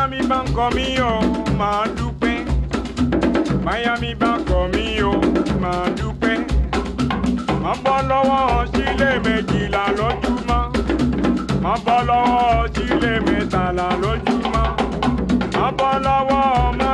Miami Banco ń kọ mí Miami Banco kọ mí o máa dúpẹ́ máa bọ́ lọ́wọ́ sílé méjìlá lójúmọ́ máa bọ́ lọ́wọ́ sílé mẹ́tàlá lójúmọ́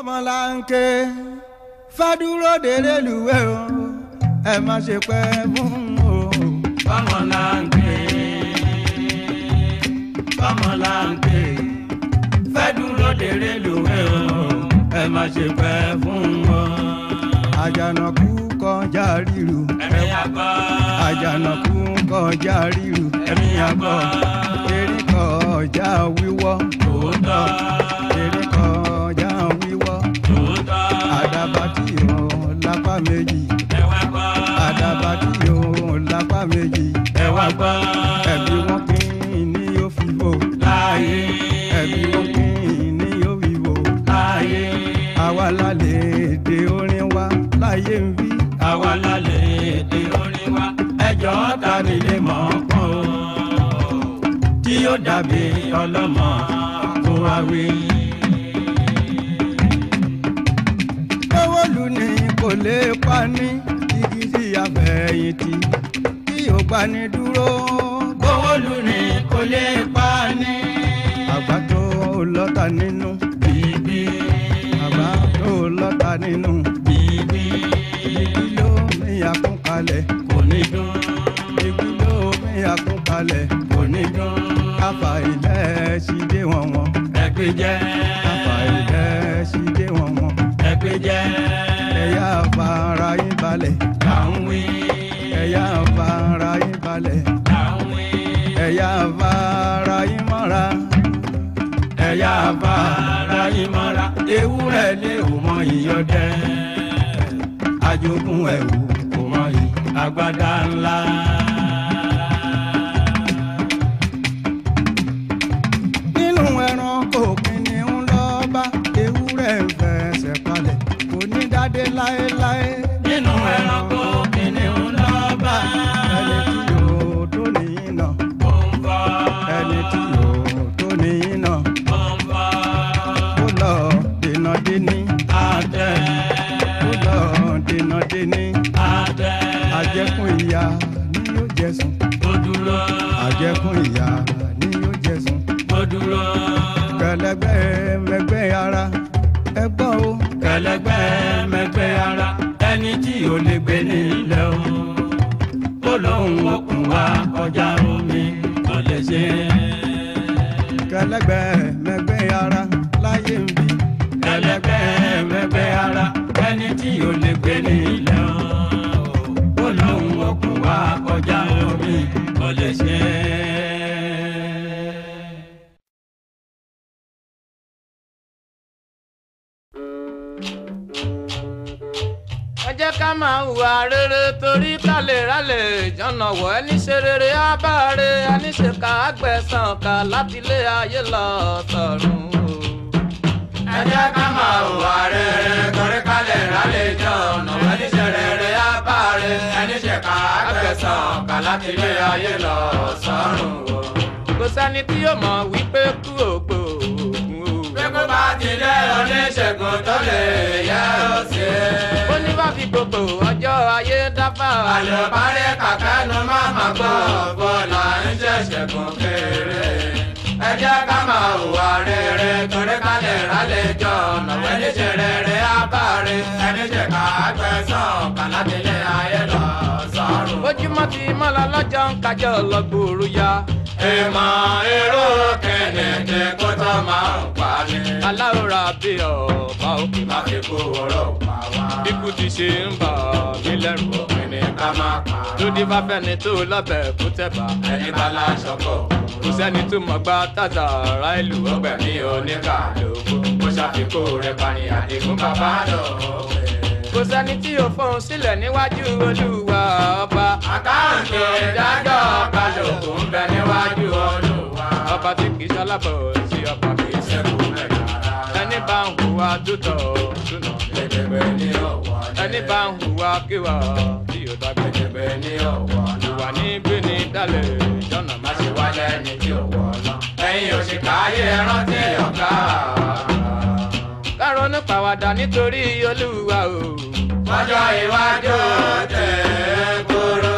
kọ́mọláńké fádúró délé lùwẹ̀ o ẹ má ṣe pẹ́ fún o. kọ́mọláńké kọ́mọláńké fádúró délé lùwẹ̀ o ẹ má ṣe pẹ́ fún o. àjànàkú kọjá ríru ẹ̀mí àgbọ̀ àjànàkú kọjá ríru ẹ̀mí àgbọ̀ erékọjá wíwọ́ tòótọ́ erékọjá. lápá méjì. ẹ wá gbọ́. àdàbà tí yóò lápá méjì. ẹ wá gbọ́. ẹbí wọn kì í yóò fi wò. láàyè. wọn kì í yóò fi wò. àwa lálẹ́ èdè orin wa láyé ń bí. àwa lálẹ́ èdè orin wa ẹjọ́ ta ni lè mọ̀ ọ́ o. tí yóò dàbí ọlọ́mọ kó wá wí. ò lè pa ní igi tí àfẹ̀yìntì tí ò gbà ní dúró. gbówólù ni kò lè pa ní. àgbà tó lọ́ta nínú. bíbí. àgbà tó lọ́ta nínú. bíbí. igi ló mi àkúnkalẹ̀. kò ní dán. igi ló mi àkúnkalẹ̀. kò ní dán. káfà ilẹ̀ ṣì dé wọ̀n wọ̀n. ẹgbẹ́ jẹ́ gbé jẹ́. ẹ̀yà fara yín balẹ̀. là ń wí. ẹ̀yà fara yín balẹ̀. là ń wí. ẹ̀yà fara yín mọ́ra. ẹ̀yà fara yín mọ́ra. ewúrẹ́ lé ò mọ ìyọdẹ. àjogún ẹ̀ wò kò mọ yìí. agbádá ńlá. lè gbé nílẹ̀ o tó lóun ọkùn wa kọjá omi tó lè ṣe. kẹlẹgbẹ mẹgbẹ ara láyé ń bí. kẹlẹgbẹ mẹgbẹ ara ẹni tí yóò lè gbé nílẹ̀. ṣe rere abáre àníṣèkà àgbẹ̀sán kà látilé ayé lọ sọ̀rùn o. ẹ jẹ́ ká máa hùwà rere torí ká lè rálé jọ ọ̀nà àníṣe rere abáre àníṣèkà àgbẹ̀sán kà látilé ayé lọ sọ̀rùn kò sẹ́ni tí yóò mọ̀ wípé kú òpó òògùn o. pé kó bá ti dẹ́ gbogbo ọjọ́ ayé dáfà. àlùbárẹ́ kàkà nu máma gbọ́ bọ́lá ń ṣẹ̀ṣẹ̀ kún kéré. ẹ jẹ́ ká máa hùwà rere torí ká lè rálẹ̀ jọ ọ̀nà wẹ́lẹ́sẹ̀ rere á bá rẹ̀. ẹni ṣe ká gbẹ̀sán kàlábílẹ̀ ayé lọ bójúmọ́ ti mọ́ lọ lọ́jọ́ ń kájọ́ lọ́gbòòrò ya. ìmọ̀ èrò kẹ̀lẹ̀kẹ̀ kó tó máa ń pa ni. aláwòrán bí ọba òkè má fi kó ọ̀rọ̀ pa wá. ikú ti ṣe ń bà ọ́ nílẹ̀rù. òpin ni ká máa pa. lóde bá fẹ́ni tó lọ́bẹ̀ kó tẹ̀ ẹni bá láṣọ pọ̀. kò sẹ́ni tó mọ̀ gba tàtà ará ìlú. ọgbẹ̀mí oníkà lóko. kó ṣàfikún rẹ̀ pani àdéhùn bàbá lọ kò sẹ́ni tí ò fóun sílẹ̀ níwájú olúwa ọba. àkáǹtì ìdájọ́ ọba lòkù ń bẹ níwájú olúwa. ọba tí kì í ṣalábọ̀ sí ọba kì í ṣẹ́kù mẹ́ta. ẹni bá ń hùwà dúdọ̀ dúnà. gẹ́gẹ́bẹ́ ní ọ̀wọ́ náà. ẹni bá ń hùwà kíwà tí ò dá gẹ́gẹ́bẹ́ ní ọ̀wọ́ náà. ìwà ní bíní dálẹ̀ jọ̀nà má ṣe wálé ẹni tí ò náà. ẹ̀yin òṣìkà ayé rántí ọ̀gá. láàrọ̀ nípa wàdà nítorí olúwa o ọjọ́ iwájú tẹ̀ kúrú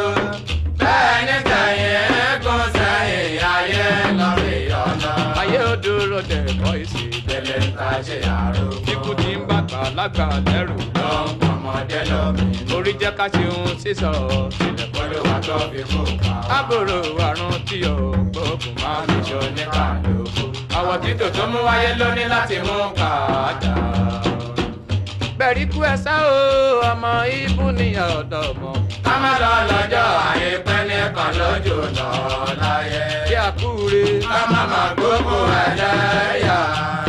bẹ́ẹ̀ ní tẹ̀yìn gún sẹ́yìn ayé lọ́rí ọ̀nà. ayé ó dúró dé ẹ̀kọ́ ìsì tẹ́lẹ̀ ń ta ṣe àrùn. ikú ti ń bàgbà lágbà lẹ́rù. ló ń pọmọdé orí jẹ́ ká ṣe sísọ. ilẹ̀ kọ́lé wa tó fi kó pa. ábòrò àrùn tí o gbóògùn máa ń ṣe oníkàlùkù. àwọ̀ títò tó mú wáyé lóní láti mú kàdà pẹ̀ríkú ẹ̀sá o ọmọ ibú ni ọ̀dọ̀ mọ̀. ká má lọ lọ́jọ́ àyè pẹ́ ní kan lójú lọ láyé. kí a kú re. ká má má gbogbo ẹlẹ́yà.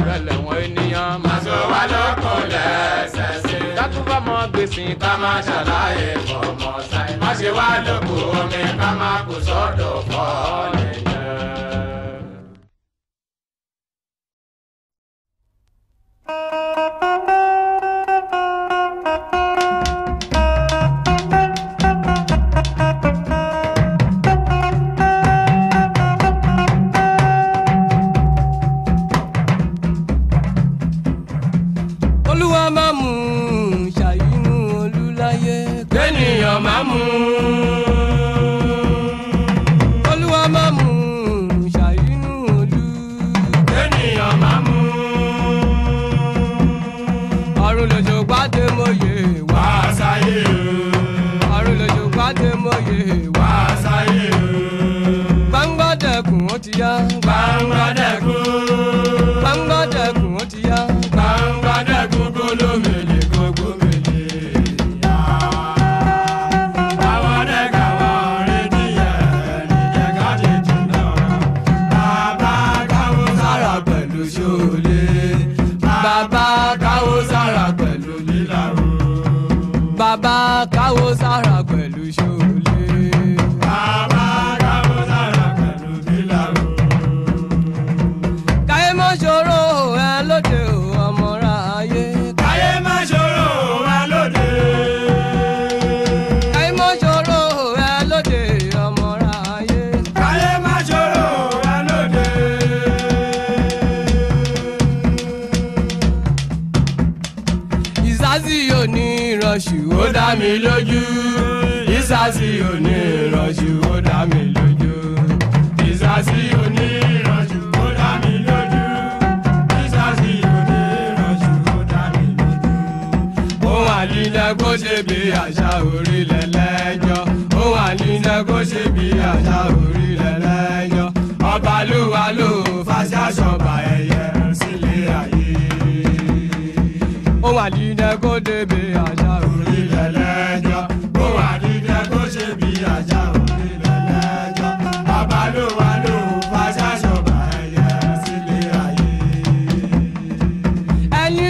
rẹlẹ̀ wọn ènìyàn. màṣọ wa lọ́kọ̀ lẹ́sẹ̀sẹ̀. kákúfà mọ gbèsè ká má ṣàlàyé fọmọ sáyé. má ṣe wá lóko omi ká má kó sọ́dọ̀ fọ́ọ̀lù.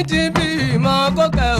mi ti bí ìmọ̀ kọ́kẹ́.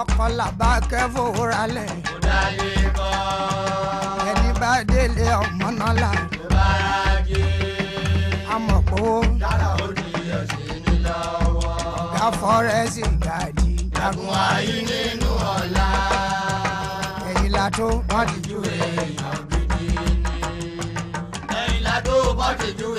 ọkọlà bá kẹ́fọ́ wúra lẹ̀. kò dáyé bọ́. ẹni bá délé ọmọ náà la. kò bá ra jẹ. àmọ̀ pé ó. dára ó di ọ̀sẹ̀ ní lọ́wọ́. ọ̀gá fọ́rẹ́sì gàdí. dàgùn ayé nínú ọ̀la. ẹ̀yìn la tó bọ́ọ̀dì júwe. ẹ̀yìn la tó bọ́ọ̀dì júwe.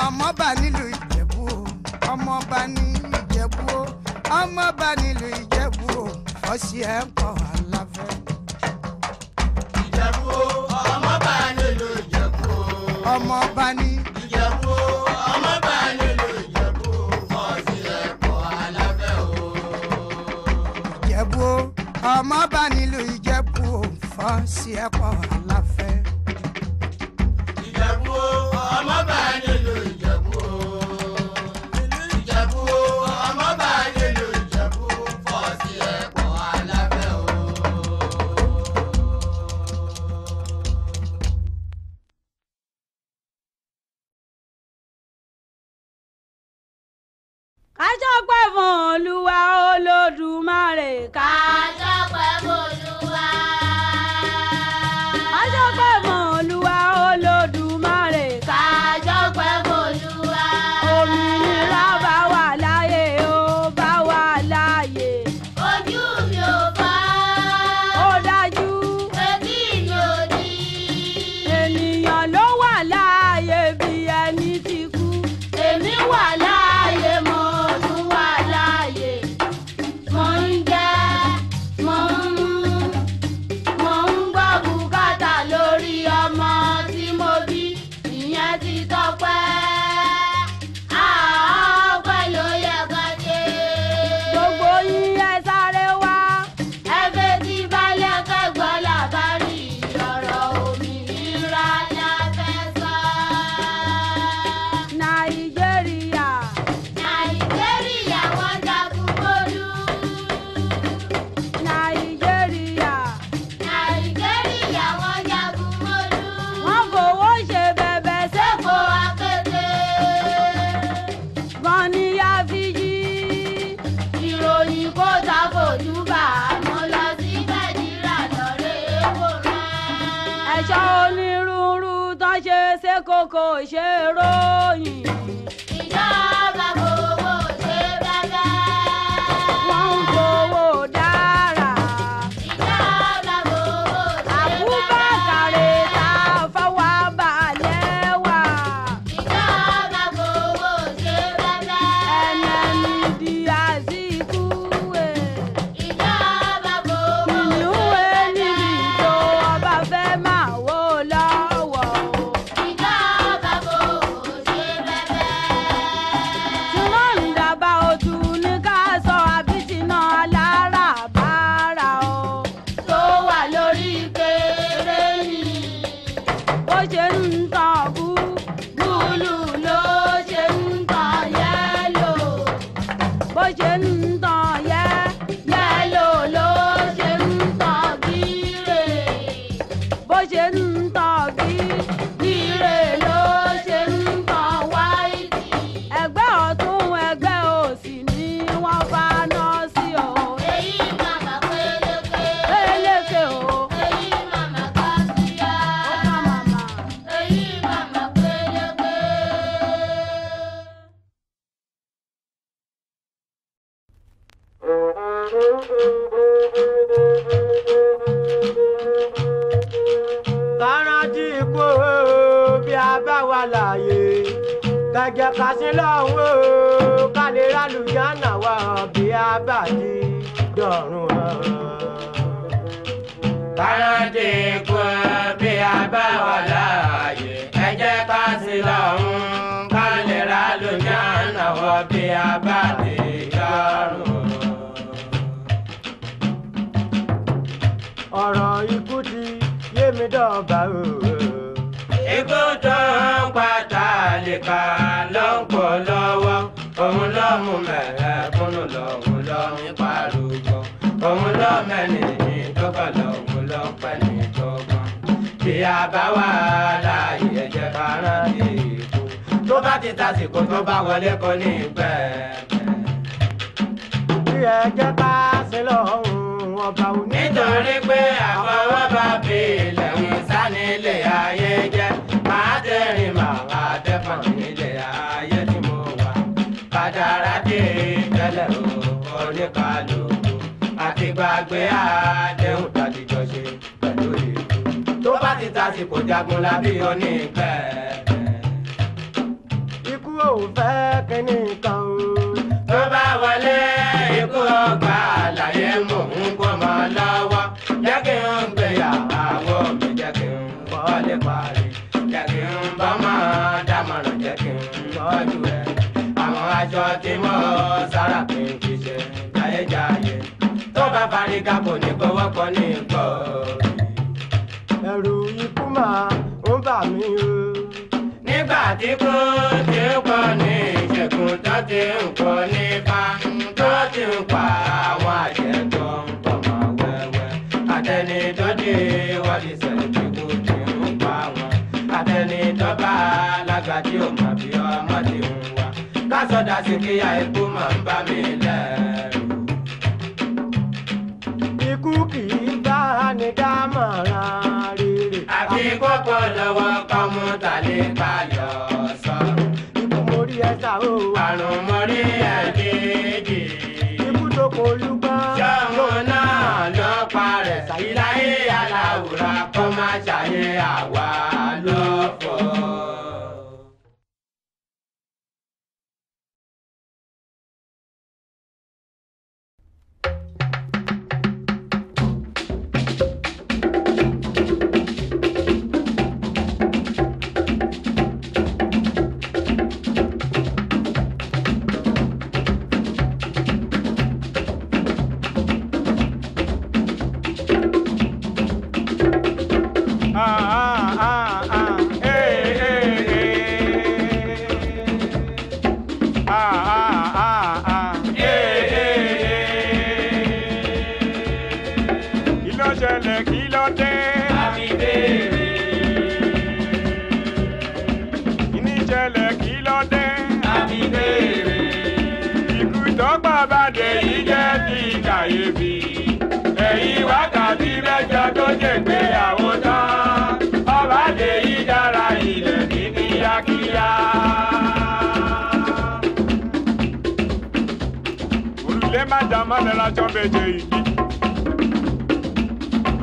ọmọọba nílùú ìjẹ̀bú o ọmọọba ní ìjẹ̀bú o ọmọọba nílùú ìjẹ̀bú o ọ̀sì ẹ̀ ohun tó bá wọlé kò ní pẹ́. bí ẹ jẹ́ ká ṣe lọ́hùn ọba òní. nítorí pé àfọwọ́ bá fi ilẹ̀ ń sánilé ayé jẹ́ máa tẹ̀rìn màá tẹ́fọ̀n nílé ayé tí mo wà. kádàrá dé tẹ́lẹ̀ o oníkàlùkù àti gbàgbé àdéhùn tàbí jọ ṣe pẹ̀lú ìlú. tó bá ti ta sí kò jagun lábí onípẹ̀ẹ́. kíní kan. tó bá wọlé ikú ọgbà àlàyé mò ń kọ́ mọ́ lọ́wọ́ jẹ́ kí n gbéyà àwọ̀ mi jẹ́ kí n wọlé parí jẹ́ kí n bọ́ mọ́ dámọ̀ràn jẹ́ kí n tọ́jú ẹ̀ àwọn aṣọ tí mo sára kì í fi ṣe jayéjayé tó bá fariga kò ní kówó kọ́ ní nǹkan. ẹ̀rù ikú máa ń bà mí o. nígbà tí kò ti ń pọ̀ ní kò tó ti ń kọ́ nípa tó ti ń pa àwọn àjẹ́ tó ń tọmọ wẹ́wẹ́ àtẹni tó dé wádìí sẹ́lẹ̀ tí kò ti ń pa wọn àtẹni tó bá alága tí ò ikú kì í bá a ní dámọ̀ràn rere. àfi kókó lọ́wọ́ kọ́mú tàlẹ́ bá yọ mẹ́ta o. àrùn mọ́rí àjèjì. ibùdókò olúgbọ́n. sọ́wọ́n náà lọ́ọ́ parẹ̀ sàyíláyé aláwòrán kọ́ máa ṣàyẹ̀ àwa. lẹ́lájọ́ méje ìdí.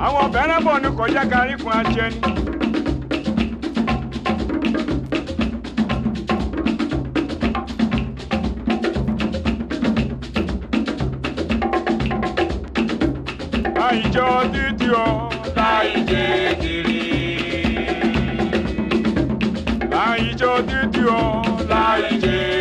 àwọn bẹ̀rẹ̀ bọ̀ ni kò jẹ́ kárí kun ajẹ́ ni. láìjọ títí ọ láìjẹ kiri. láìjọ títí ọ láìjẹ kiri.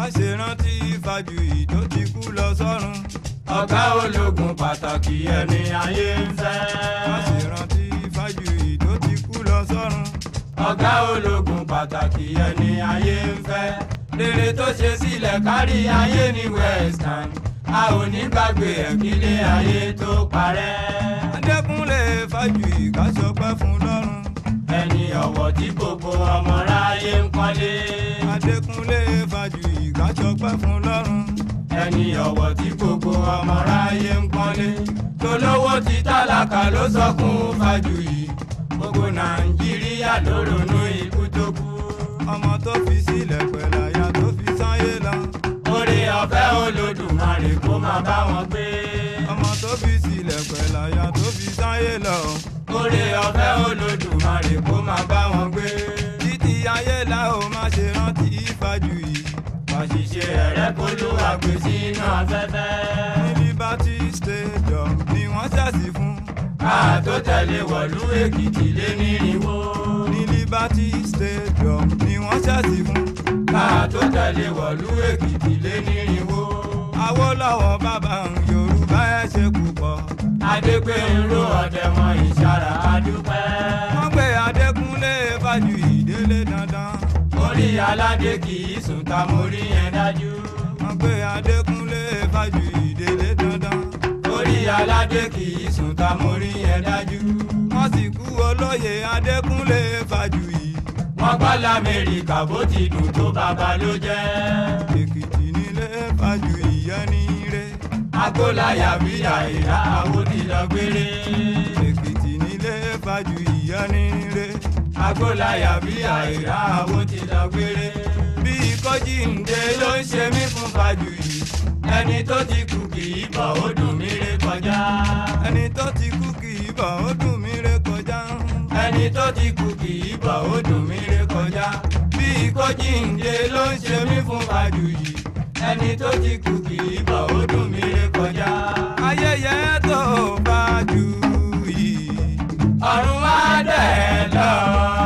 má ṣe rántí Fájuyì tó ti kú lọ sọ́run. ọ̀gá ológun pàtàkì ẹni ayé ń fẹ́. má ṣe rántí Fájuyì tó ti kú lọ sọ́run. ọ̀gá ológun pàtàkì ẹni ayé ń fẹ́. rere tó ṣe sílẹ̀ kárí ayé ní western a ò ní gbàgbé ẹ̀kílé ayé tó parẹ́. adẹ́kúnlé Fájuyì ká sọ fún lọ́rùn ẹni ọ̀wọ̀ tí gbogbo ọmọ ráyé ń pọ́nlé. Adékúnlé Fájuyì ká ṣọpẹ́ fún lọ́run. ẹni ọ̀wọ̀ tí gbogbo ọmọ ráyé ń pọ́nlé. tolówó ti tálákà ló sọkún Fájuyì gbogbo Nàìjíríà ló ronú ikú tó kú. ọmọ tó fi sílẹ̀ pẹ̀lú àyà tó fi sáyé lọ. oore ọ̀fẹ́ Olódùmarè kó máa bá wọn gbé àṣàyà tó fi sáyé lọ. oore ọ̀fẹ́ olódùmarè kó máa bá wọn gbé. títí ayé la máa ṣe rántí ìfàjù yìí. àṣìṣe ẹ̀rẹ́ polówó àgbè sínú afẹ́fẹ́. ní liberty stadium ni wọ́n ṣàṣì fún. káà tó tẹ̀lé wọ̀lú èkìtì lé nírìnwó. ní liberty stadium ni wọ́n ṣàṣì fún. káà tó tẹ̀lé wọ̀lú èkìtì lé nírìnwó. Awólọ́wọ̀ bàbá ń yorùbá adépẹ̀rù ọ̀dẹ̀mọ̀ ìṣàrà àdúpẹ́. wọ́n gbé adékúnlé fàjù ìdílé dandan. orí aládé kì í sùn ká mo yẹn dájú. wọ́n gbé adékúnlé fàjù ìdílé dandan. orí aládé kì í sùn ká mo yẹn dájú. wọ́n sì kú olóyè adékúnlé fàjù yìí. wọ́n gbá lamẹ́ríkà bó ti dùn tó bàbá ló jẹ́. èkìtì nílé fàjù yìí agbólayà bí àyà onídàgbére. èkìtì nílé fàájú ìyanire. agbólayà bí àyà onídàgbére. bí ìkọ́jí ǹdẹ ló ń ṣe mí fún fàájú yìí. ẹni tó ti kú kì í bọ̀ ó dùn mí ré kọjá. ẹni tó ti kú kì í bọ̀ ó dùn mí ré kọjá. ẹni tó ti kú kì í bọ̀ ó dùn mí ré kọjá. bí ìkọ́jí ǹdẹ ló ń ṣe mí fún fàájú yìí ẹni tó ti kú kì í bọ̀ ó dùn mí ré kọjá. ayẹyẹ tó bá jù yìí ọ̀run wá dẹ̀ lọ.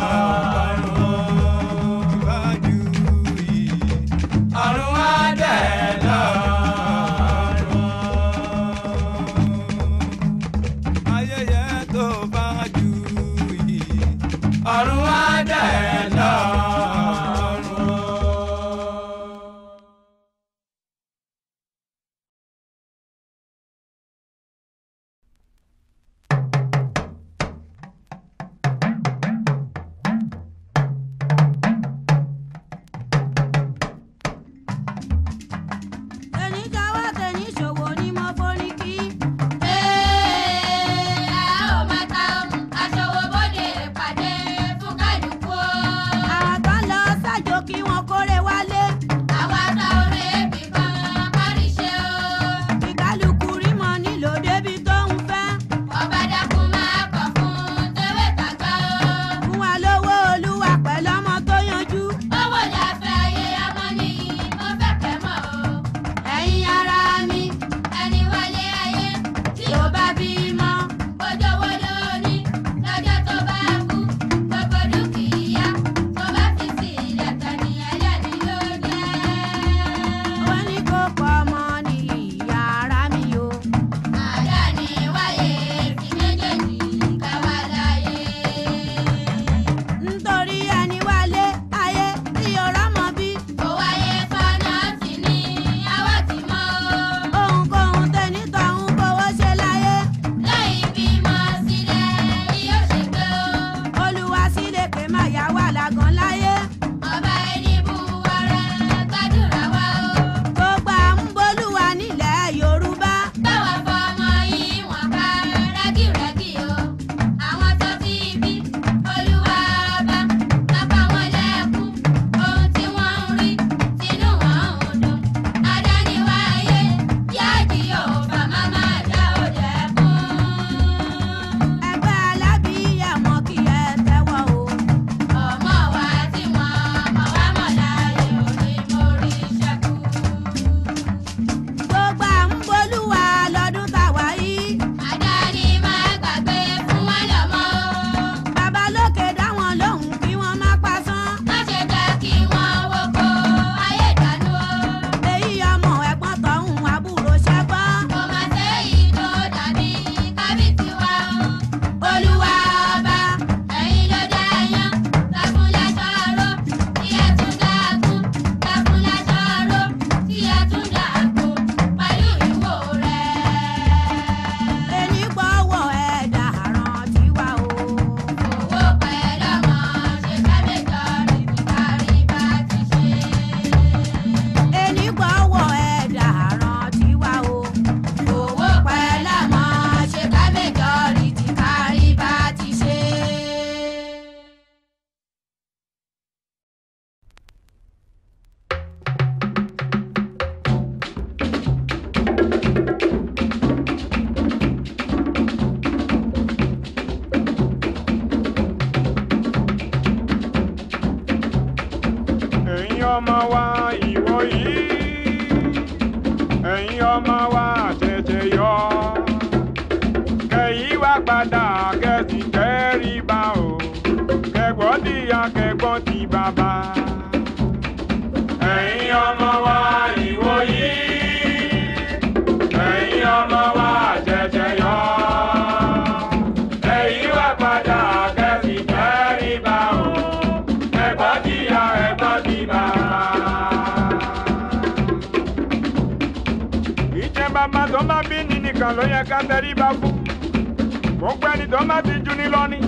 má ti ju ní lọ ni.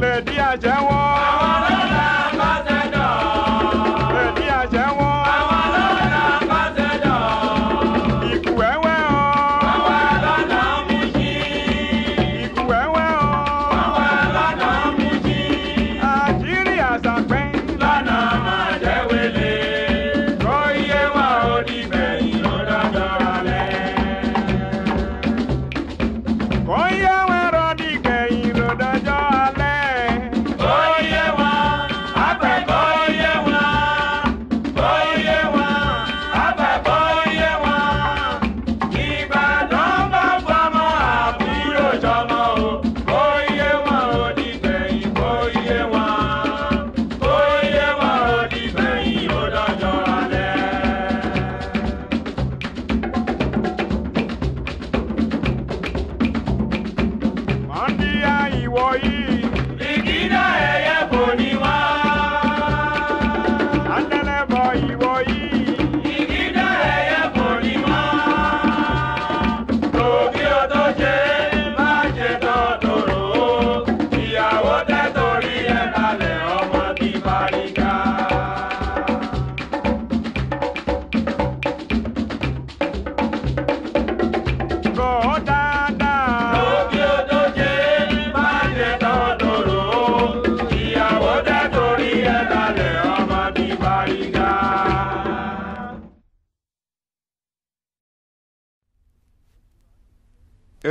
lèdí àjẹwọ́. àwọn ọlọ́run.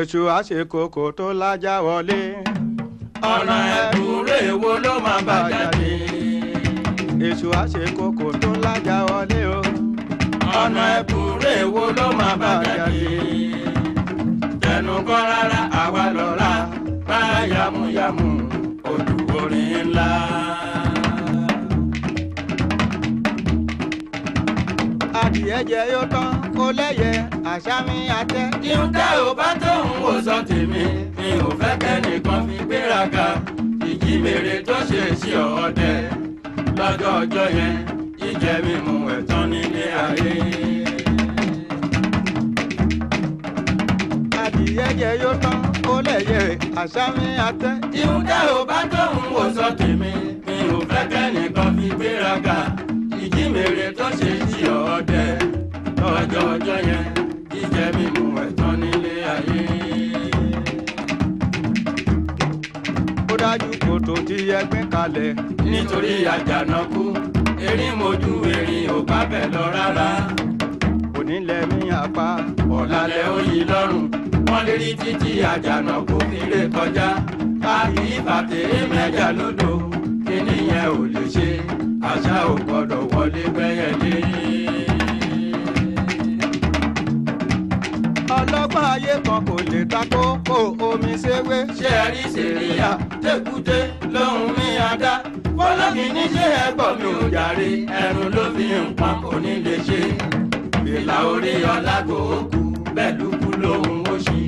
èṣù àṣekòkò tó lájà wọlé. ọ̀nà ẹ̀kúnrẹ́ èwo ló máa bá jáde. èṣù àṣekòkò tó lájà wọlé o. ọ̀nà ẹ̀kúnrẹ́ èwo ló máa bá jáde. tẹnu kọ́ rárá àwa lọ́ra bá yàmúyàmú ojú ńlá. adìẹ jẹ yóò tán kó lẹ́yẹ àṣà mi àtẹ. ìhun tẹ́ ò bá tóun wò sọ tèmi mi ò fẹ́ kẹ́nìkan fi gbéraga ìjì mèrè tó ṣe sí ọ̀ọ́dẹ lọ́jọ́ ọjọ́ yẹn jíjẹ mímu ẹ̀tàn nílé ayé. adìyẹ yóò tán ó lè àṣà mi àtẹ. ìhun tẹ́ ò bá tóun wò sọ tèmi mi ò fẹ́ kẹ́nìkan fi gbéraga ìjímèrè tó ṣe jí ọdẹ lọ́jọ́ ọjọ́ yẹn. ètò tí ẹ gbé kalẹ̀. nítorí àjànàkú erin mojú erin ò bá bẹ̀ lọ rárá. onílẹ̀ mi apá ọ̀làlẹ̀ òyì lọ́rùn wọ́n lè rí títí àjànàkú fìrè kọjá káàkì ìbàtẹ́ mẹ́jà lódò kíníyẹn ò lè ṣe àṣà ò gbọ́dọ̀ wọlé bẹ́yẹlé. ọlọ́gbọ́n ayé b lè takó kó omi ṣèwé. ṣé ẹ rí sèríyà tẹkùté lóhùn mi àdá fọlọ́kì ní ṣé ẹ bọ̀ mi ò jàre ẹnu ló fi ń pa kò ní lè ṣe. ìlà orí ọlágò òkú bẹ́ẹ̀ lùkú lóhùn ó ṣí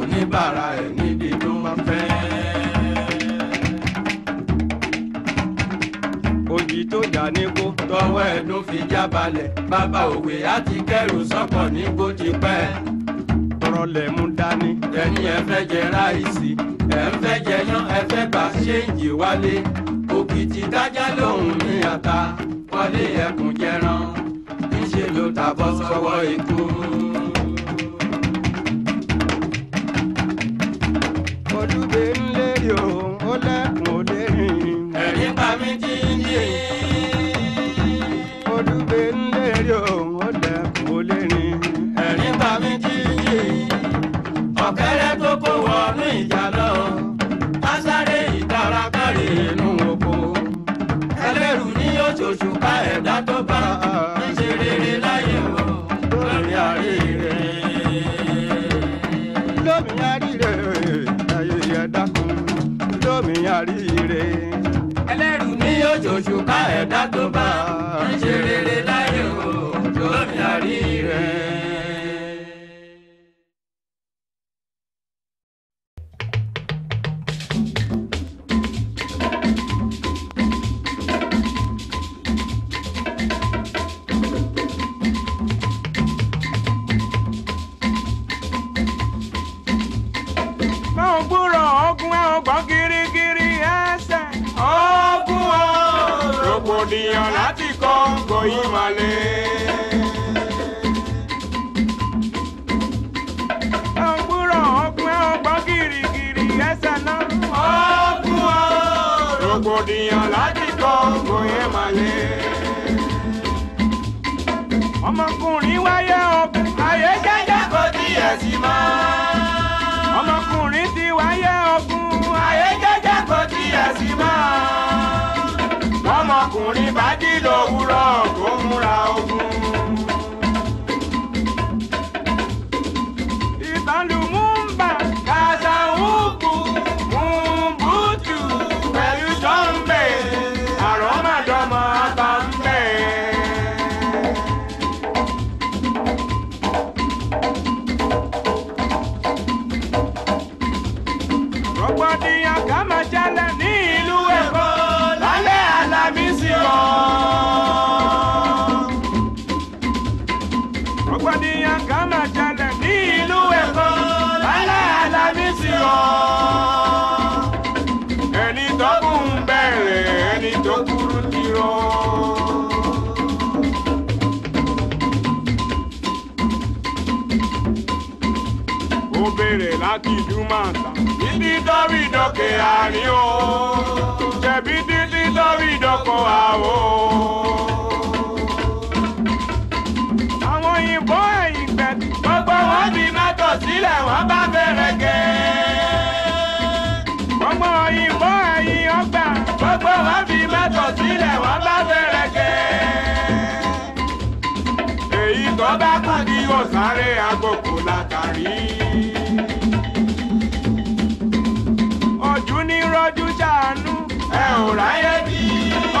oníbàárà ẹ̀ níbi tó máa fẹ́. òjì tó jà ní kó tọwọ́ ẹ̀dùn fi já balẹ̀ bàbá òwe á ti kẹ́rù sọ́kọ̀ ní kó ti pẹ́ ọ̀rọ̀ lẹ̀ mú dání. ẹ̀yin ẹ fẹ́ jẹ ráìsì ẹ ń fẹ́ jẹ yán ẹ fẹ́ bá ṣéǹjì wálé òkìtì dájá lòun ní ata wọlé ẹkùn jẹran níṣẹ́ ló tàbọ̀ sọ́wọ́ ikú. ọdún ìjàlọ kásáré ìtara kárí inú oko ẹlẹ́rù ní oṣooṣù ká ẹ̀dá tó bá ṣe rere láyé o lórí àríire. lómi àríire ayé ẹ̀dá kan lómi àríire. ẹlẹ́rù ní oṣooṣù ká ẹ̀dá tó bá ṣe. tílẹ̀ wá bá bẹ̀rẹ̀ gẹ̀. ọmọ òyìnbó ẹ̀yìn ọgbà gbogbo wọn fi mẹ́tọ̀ sílẹ̀ wá bá bẹ̀rẹ̀ gẹ̀. èyí tó bá kù ni yóò sáré agbókù látàrí. ojú ní rọjú ṣàánú ẹ ò ráyè bí.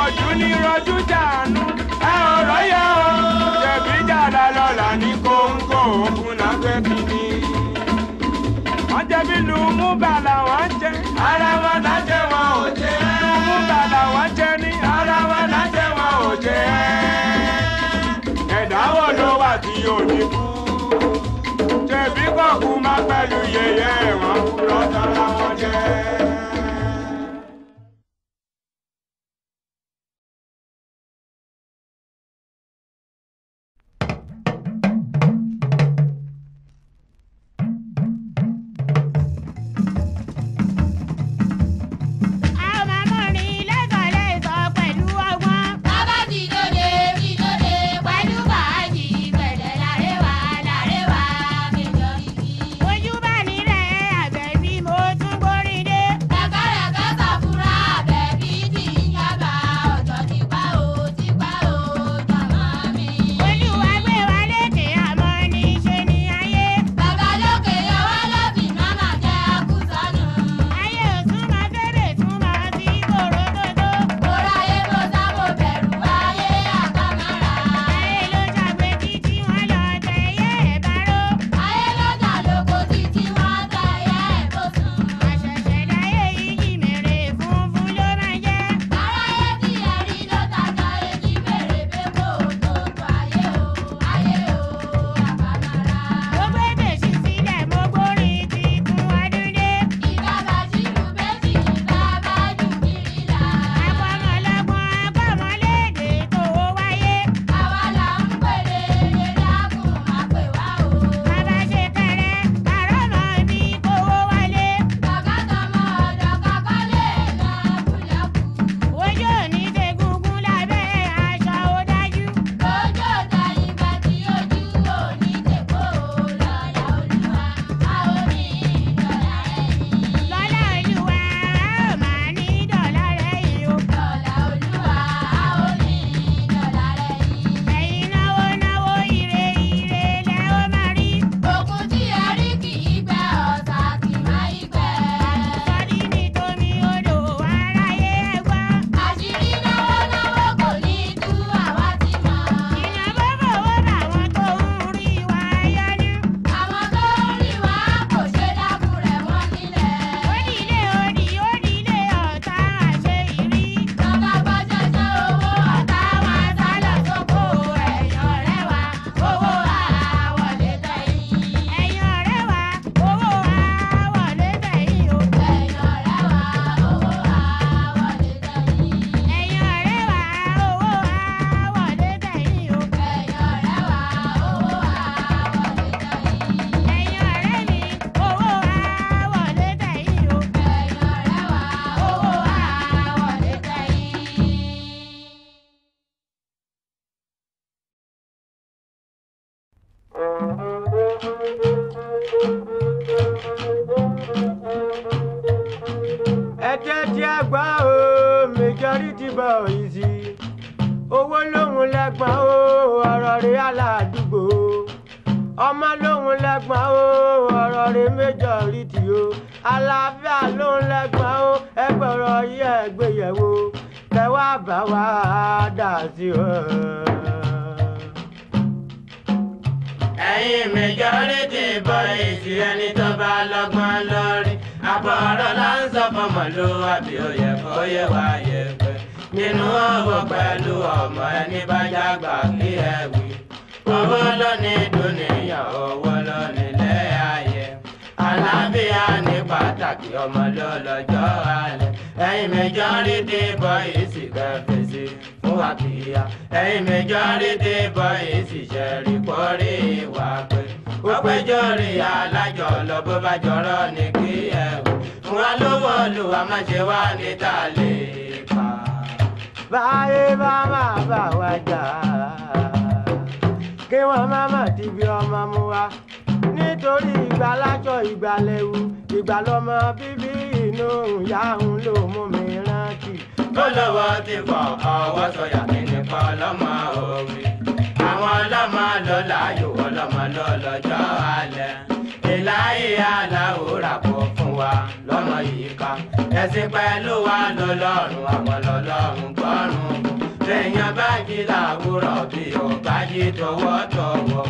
ojú ní rọjú ṣàánú ẹ ò ráyè o. jẹ̀bi jàdá lọ́la ní kóńkó òkun lágbẹ́bí ni wọ́n jẹ bí lu múbàlà wọ́n jẹ. ara wọn lájẹ wọn ò jẹ. múbàlà wọ́n jẹ ní. ara wọn lájẹ wọn ò jẹ. ẹ̀dá wo ló wà tí ò ní kú. jẹ̀bí kọ̀ọ̀kú máa pẹ̀lú yẹyẹ wọn kú lọ́tara wọn jẹ. pàtàkì ọmọ lọ́lọ́jọ́ alẹ́ ẹ̀yin majority boys gbẹ fèsì fún àkìyà ẹ̀yin majority boys ṣẹ̀rí pọ́rí ìwà pé ó péjọ rí alájọ lọ bó bá jọrọ ní kí ẹ wò wọn lówó olùwà má ṣe wá níta lè pa. báyé bá máa bá wa jà kí wọn má má ti bí ọmọ mu wa nítorí ìgbàlájọ ìgbàlẹ́wù ìgbà lọmọ bíbí inú ìyá òun ló mú mi rántí. bọ́lọ́wọ́ ti pọ̀ ọwọ́ sọ̀yà mi nìkan lọ́mọ omi. àwọn ọlọ́mọ lọ́la yòó ọlọ́mọ lọ́lọ́jọ́ alẹ́. ìláyé aláwòrà pọ̀ fún wa lọ́mọ yìí ká. ẹ̀sìn pẹ̀lú wa lọ́lọ́run àwọn lọ́lọ́run gbọ́rùn. lèèyàn bá jí bí ò bá jí tọwọ́tọwọ́.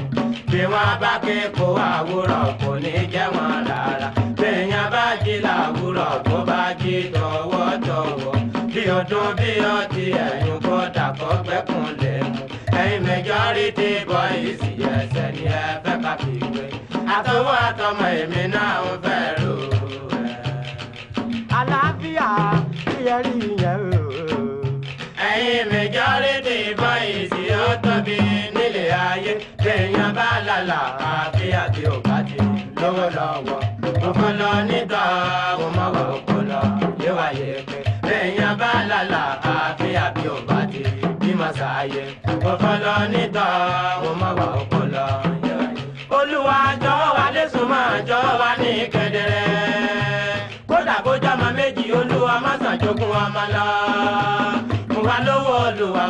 bí wọ́n bá ké kó àwòrán kò ní jẹ́ wọn rárá bẹ̀yàn bá jí tó bá jí tọwọ́tọwọ́ bí ọdún bí ọtí ẹ̀yìn kọ́ gbẹ́kùn lẹ̀ ẹ̀yìn majority boys ẹsẹ̀ ni ẹ fẹ́ bá fi wé àtọwọ́ àtọmọ èmi náà ń fẹ́ rò ẹ̀. àlàáfíà kí ẹ rí ìyẹn o. ẹ̀yìn majority boys ó tóbi nílé ayé bẹ̀yàn bá lálà àfíà tí ò bá ti lówó ọmọlọ níta ọmọ wa ọpọlọ yẹwà yẹpẹ bẹyàn bá lálà àfi àbí ọba ti bí màsà wa ọpọlọ yẹwà yẹpẹ. wa lẹ́sùn máa wa ní kẹdẹrẹ kódà kó jáma méjì olúwa má sàjogún wa má lọ mo wá lọ́wọ́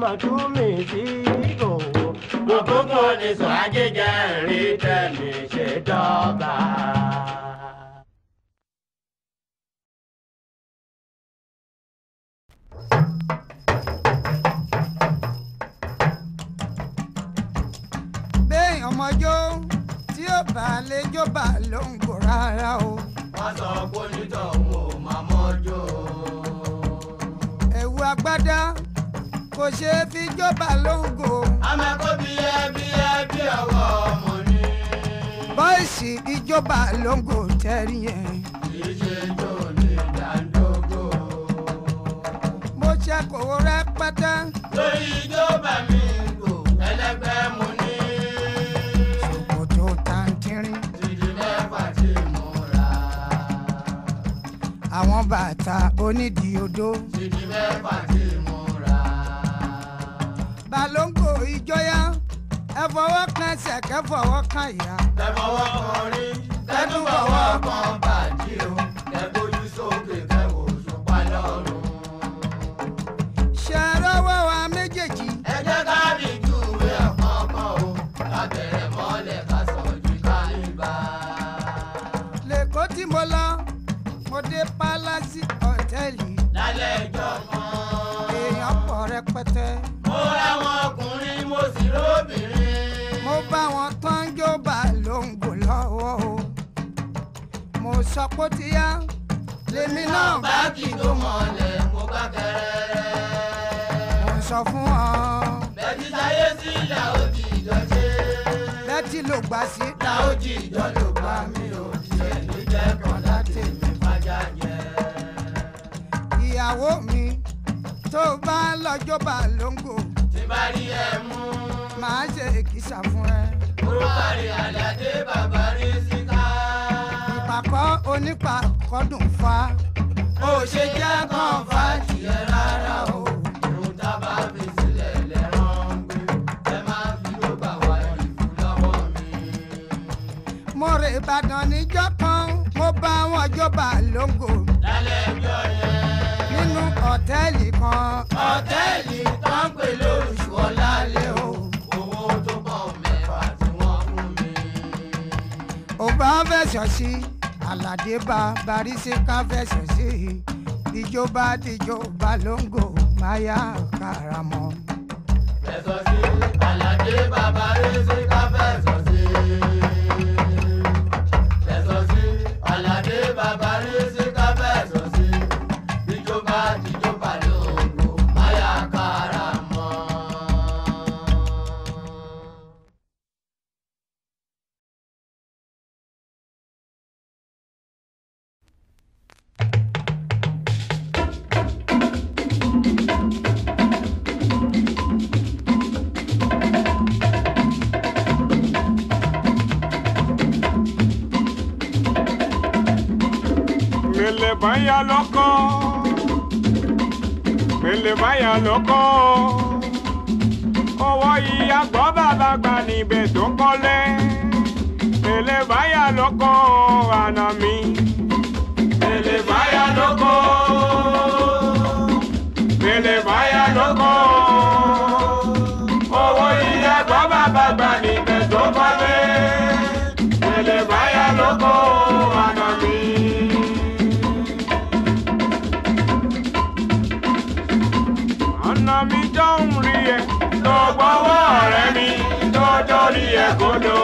mọ̀ tún mi sí i ògógó ni sọ ajẹjẹ rí tẹ̀mí ṣe dọ́gba. bẹ́ẹ̀ ọmọjọ́ tí ó bá lè jó bá ló ń kó rárá o. wọ́n sọ pé onítọ̀hún ò máa mọ́jọ́. ẹ̀wù agbádá kò ṣeé fi jọba lóńgò. a máa kó bíyẹ bíyẹ bí ọwọ́ ọmọ ni. bọ́ìsì ìjọba lóńgò tẹ́rí yẹn. ìṣe tó ní ìdádógó. mo ṣe kòwó rẹpẹtẹ. lórí ìjọba mi kò ẹlẹgbẹ́ mo àwọn bàtà onídìí odó. ìdílé pàtí mo rà ìjọyà ẹ fọwọ́ kan ẹsẹ̀ kẹ́ fọwọ́ kan ìyá. ẹ fọwọ́ kan orí tẹ́tù kan bàdí. sọ pé ó lèmi náà bá kí tó mọ̀lẹ́ mo bá kẹrẹ́rẹ́. mo ń sọ fún ọ. bẹ́ẹ̀ni táyé sí ìlà òdì ìjọ ṣe. bẹ́ẹ̀ni ló gbà sí. ìlà òdì ìjọ ló gbà mí ò tiẹ̀ ló jẹ́ láti mi fàjà jẹ. ìyàwó mi tó bá lọ́jọ́ bá lóńgò. tí bá rí ẹ mú. màá ṣe èkìsà fún ẹ. ó parí àdàdé bàbá rí sí pàkọ́ onípàkọ́dùn fa. ó ṣe jẹ́ kàn fàájì ẹ̀ rárá o òun tá a bá fi sílẹ̀ lẹ́rán wa mi. mo rè Ìbàdàn níjọ́ kan mo bá wọn jọba lóńgò. lálẹ́ ẹjọ́ yẹn. nínú ọ̀tẹ́ẹ̀lì kan. ọ̀tẹ́ẹ̀lì tó ń pè lóṣù ọ̀la lé o. owó tó pọ̀ mẹ́fà tí wọ́n fún mi. ò bá fẹ̀sọ̀ sí i àlàdé bá baríṣe ká fẹsẹ̀ sí i ìjọba tìjọba ló ń gò máyà karamọ. ẹ̀sọ́ sí àlàdé bá baríṣe ká fẹsẹ̀ sí i. báyà lọ́kọ́ pèlè báyà lọ́kọ́ ọwọ́ ìyá gbọ́ bàbá gbà níbẹ̀ tó kọ́lẹ̀ pèlè báyà lọ́kọ́ àná mi pèlè báyà lọ́kọ́ pèlè báyà lọ́kọ́ owó ìyá gbọ́ bàbá gbà ní. lọ gbọ́wọ́ mi tó dórí ẹ̀ kodò.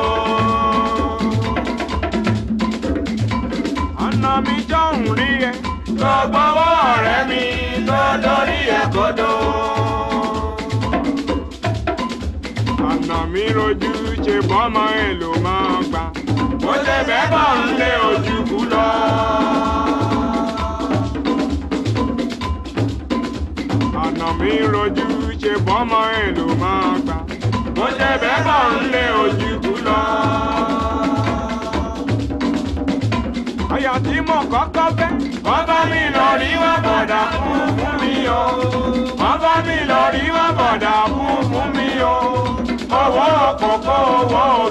ọ̀nà mi jọ̀hún rí ẹ lọ gbọ́wọ́ ọ̀rẹ́ mi tó dórí ẹ̀ kodò. ọ̀nà mi ṣe bọ́mọ rẹ̀ ló máa gbà bó ṣe bẹ́ẹ̀ bọ̀ ń lé òjìkú lọ. ọ̀yà tí mo kọ́kọ́ fẹ́ wọ́n bá mi lọ rí wá bọ̀dà fún fún mi o wọ́n bá mi lọ rí wá bọ̀dà fún fún mi o owó òkòkò owó òkòkò.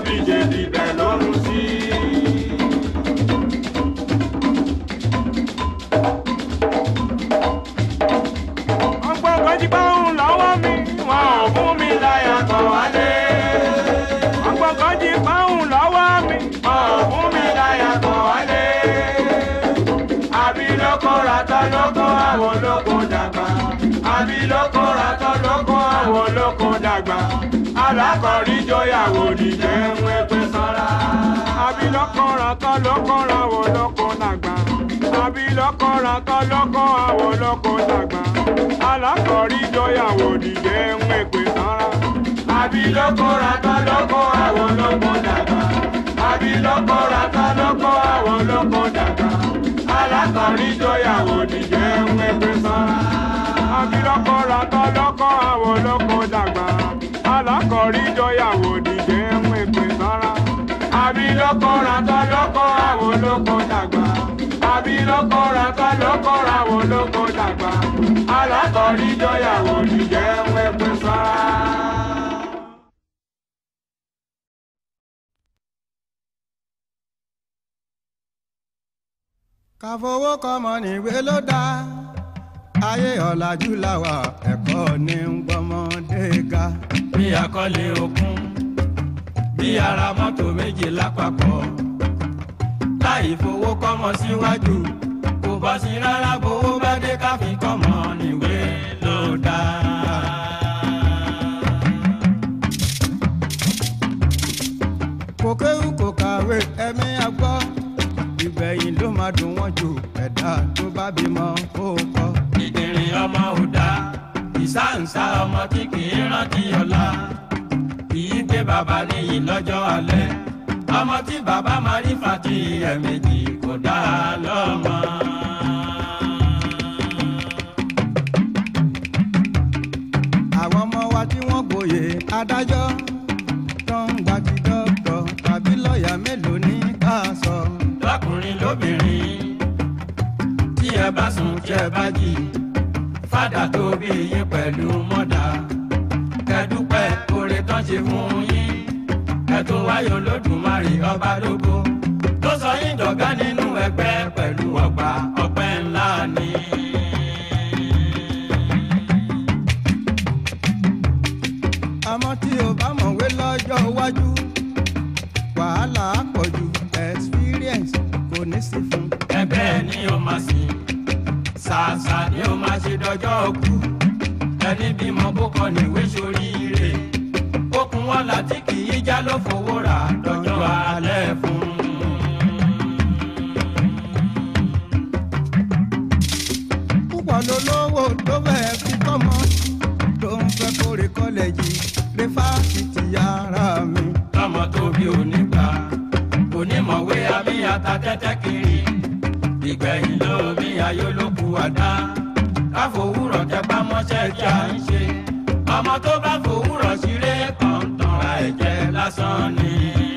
alákọ̀rí jọyàwó nìjẹ́ mú ẹgbẹ́ sanra. abilọ́kọ̀ràn tán lọ́kọ̀ràn àwọn ọlọ́kọ̀ nàgbà. abilọ́kọ̀ràn tán lọ́kọ̀ àwọn ọlọ́kọ̀ nàgbà. alákọ̀rí jọyàwó nìjẹ́ mú ẹgbẹ́ sanra. abilọ́kọ̀ràn tán lọ́kọ̀ àwọn ọlọ́kọ̀ nàgbà. abilọ́kọ̀ràn tán lọ́kọ̀ àwọn ọlọ́kọ̀ nàgbà. alákọ̀rí jọyàwó nìjẹ́ mú ẹgbẹ́ sanra kí lọ́kọ ra tán lọ́kọ́ àwọn olóko dàgbà alákọ̀ọ́rí jọyàwó dìgbẹ́ pínpín sára. àbí lọ́kọ ra tán lọ́kọ́ àwọn olóko dàgbà àbí lọ́kọ ra tán lọ́kọ́ àwọn olóko dàgbà alákọ̀ọ́rí jọyàwó dìgbẹ́ pínpín sára. ká fowó kọ́mọ níwèé ló dáa ayé ọ̀làjú làwà ẹ̀kọ́ ní ń gbọ́mọdé ga. bí akọ́lé okun bí ara mọ́tò méje lápapọ̀ láì fowó kọ́mọ síwájú kò bọ́ sí rárá bówó bá dé káfí kọ́mọ níwèé ló dáa. kò kò kàwé ẹ̀mí àgbọ́ ìgbẹ̀yìn ló máa dùn wọ́n ju ẹ̀dá tó bá bímọ kó kọ́ lọ́mọ ò dá ìsáǹsá ọmọ tí kì í rántí ọ̀la kì í gbé bàbá níyì lọ́jọ́ alẹ́ ọmọ tí bàbá máa rí fàtí ẹ̀ẹ̀mejì kò dá lọ́mọ. àwọn ọmọ wa tí wọ́n gboyè adájọ́ tó ń gba ti dọ́kítọ̀ tàbí lọ́ọ̀yà mélòó ní ká sọ. lọ́kùnrin lóbìnrin tí ẹ bá sùn tí ẹ bá jì. fádà tó bí yín pẹ̀lú mọ́dà kẹ́dúpẹ́ oore tán ṣe fún yín ẹ̀tún wáyọ̀ lódùmarè ọba lógo tó sọ yín dọ̀gá nínú ẹgbẹ́ pẹ̀lú ọgbà àṣà ni ó máa ṣe dọjọ́ òkú ẹni bímọ bó kọ níwé sórí ire okùn wọn láti kì í já ló fowó rà dọjọ́ alẹ́ fún. púpọ̀ lolówó tó bẹ́ẹ̀ fi kọ́mọ tó ń fẹ́ kórè kọ́lẹ́jì rẹ fásitì ara mi. lọ́mọ tó bí onígbà onímọ̀wé abíyàtà tẹ́tẹ́ kiri ìgbẹ̀yìn lómi ayọ́lókù àdá ká fòwúrọ̀ tẹpá mọ́ṣẹ́ tí a ń ṣe ọmọ tó bá fòwúrọ̀ ṣeré kàn ẹ̀jẹ̀ lásán ni.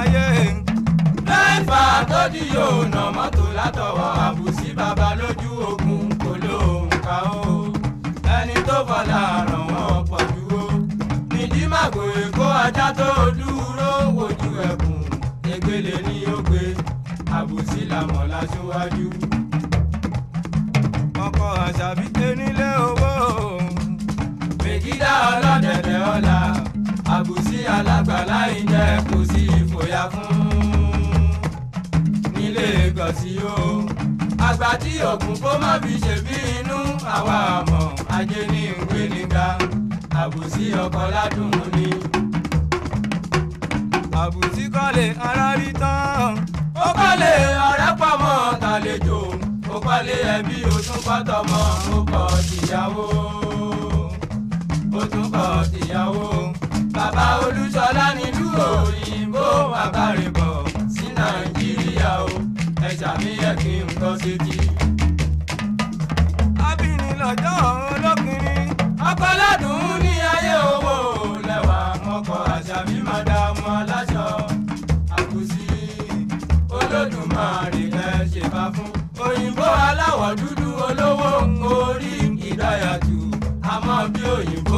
ayé. dẹ́fà tó di yóò nà mọ́tò látọwọ́ àbùsí bàbá lójú ogun kò lóun ká o. ẹni tó fọlá ràn wọ́n pọ̀ dúró. nìdí màgò èkó ajá tó dúró wojú ẹkùn egbélé ní ó gbé àbùsí làmọ̀ láṣíwájú. ọkọ àṣàbí tẹ owó. mègídà ọlọ́dẹ̀dẹ̀ ọ̀la àbùsí alágbàlá ìjẹ́ kò sí kò yá fún nílé gọ̀ọ́sì o àgbà tí ògùn kó má fi ṣe bí inú àwa àmọ́ ajé ní ìwé nígbà àbùsí ọkọ̀ ládùn ni. àbùsí kọ́lé ara rí tán. ó kọ́lé ọ̀rẹ́ pamọ́ tàlejò ó kọ́lé ẹbí ó tún kọ́ tọmọ ó kọ́ tìyàwó ó tún kọ́ tìyàwó bàbá olúṣọlá nílù òyìnbó bàbá rẹ̀ bọ̀ sí nàìjíríà o ẹ ṣàmìyẹ kí n kọ́ sétí. abìnrin lọ́jọ́ olókìnrin. ọkọ ládùn ní ayé owó lẹ́wà mọ́kọ àṣàbí mádámù aláṣọ àkùsí olódùmarè lẹ́ ṣe bá fún. òyìnbó aláwọ̀ dúdú olówó orí ìdáyàtú àmọ́ bí òyìnbó.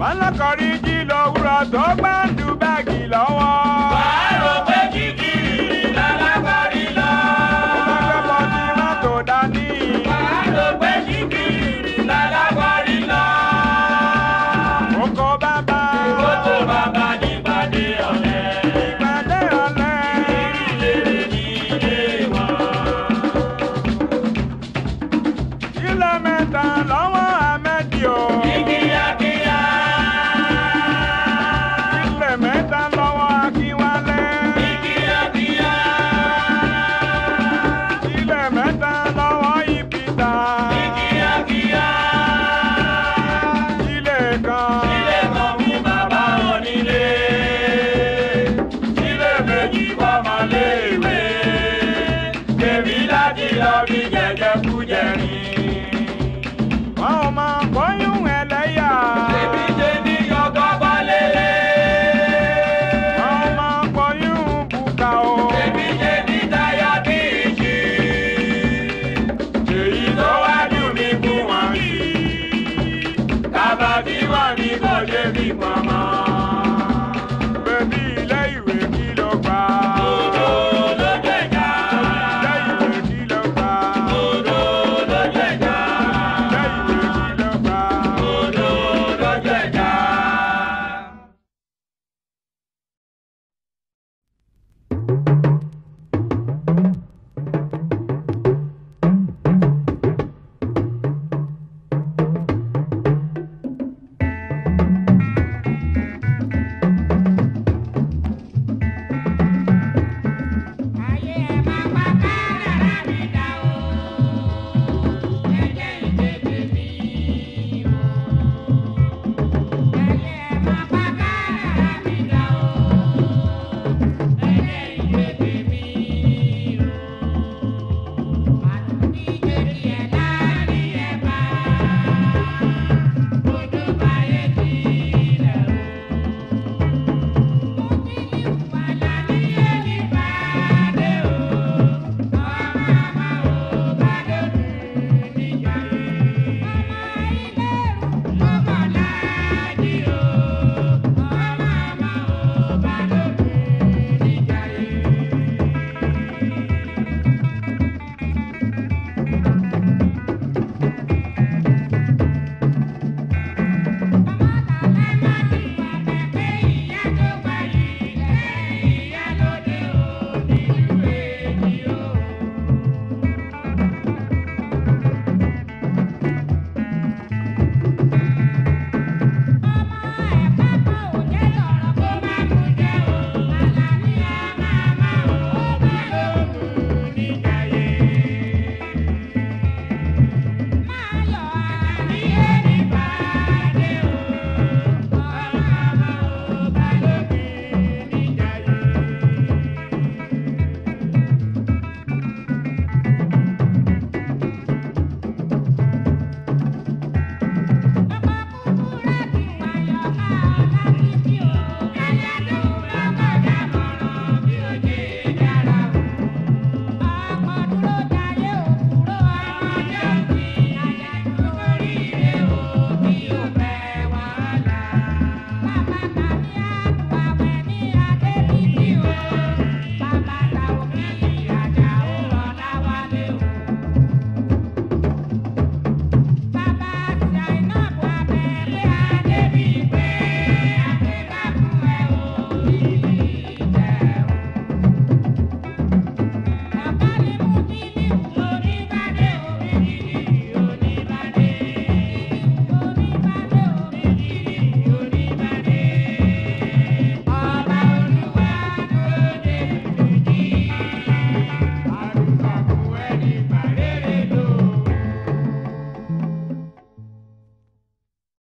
pálákọ̀rí jí lọ wúrà tó gbàǹdù báàgì lọ́wọ́.